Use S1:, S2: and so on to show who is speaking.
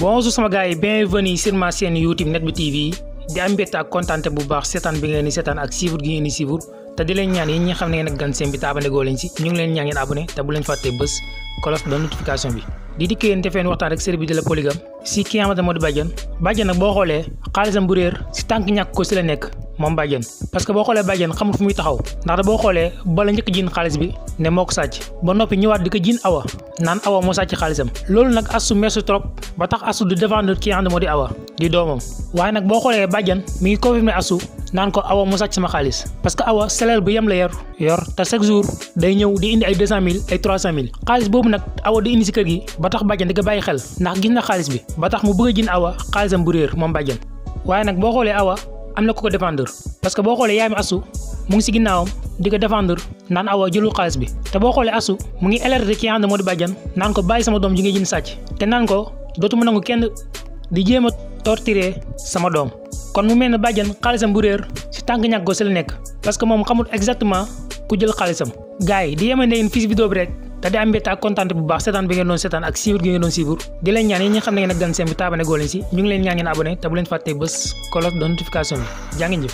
S1: bonjour sama gars yi bienvenue sur ma chaîne YouTube Net Bi TV di am mbégte ak kontaante bu baax seetaan bi ngeen di seetaan ak suivre gi ngeen di suivre te di leen ñaan yi ñi xam ne ngeen ak gan seen bi te abonné goo leen si ñu ngi leen ñaan ngeen abonné te bu leen fàttee bés kolos de notification bi di dikkee yéen defeen waxtaan rek série bi la polygame si ki moo di bàjjan bàjjan nag boo xoolee xaalisam bu réer si tànk ñàkk ko si la nekk moom bàjjen parce que boo xoolee bàjjen xamul fu muy taxaw ndaxte boo xoolee bala njëkk jiin xaalis bi ne moo ko sàcc ba noppi ñëwaat di ko jiin awa naan awa moo sàcc xaalisam loolu nag asu meesu trop ba tax asu du défendre ki ànd moo di awa di doomam waaye nag boo xoolee bàjjan mi ngi confirmer asu naan ko awa mu sàcc sama xaalis parce que awa salaire bu yem la yor yor te chaque jour day ñëw di indi ay 200000 ay 300000 xaalis boobu nag awa di indi si kër gi ba tax bàjjan di ko bàyyi xel ndax gis na xaalis bi ba tax mu bëgg awa xaalisam bu réer moom bàjjan waaye am na ku ko défendre parce que boo xoolee yaay mi asu mu ngi si ginnaawam di ko défendre naan awa jëlul xaalis bi te boo xoolee asu mu ngi alerté ki nga xam ne moo di bàjjan naan ko bàyyi sama doom ji nga ni sàcc te naan ko dootuma nangu kenn di jéem a torturer sama doom kon mu mel ne bàjjan xaalisam bu réer si tànk ñàkk go si la nekk parce que moom xamul exactement ku jël xaalisam gars yi di yemandee une fiche vidéo bi rek te di am mbégte ak kontaan bu baax seetaan bi ngeen doon seetaan ak siiwur gi ngeen doon siiwur di leen ñaan yi nga xam ne ngeen gan seen taabane goo leen ñu ngi leen ñaan ngeen abonné te bu leen fàttee bés kolos de notification bi jaa ngeen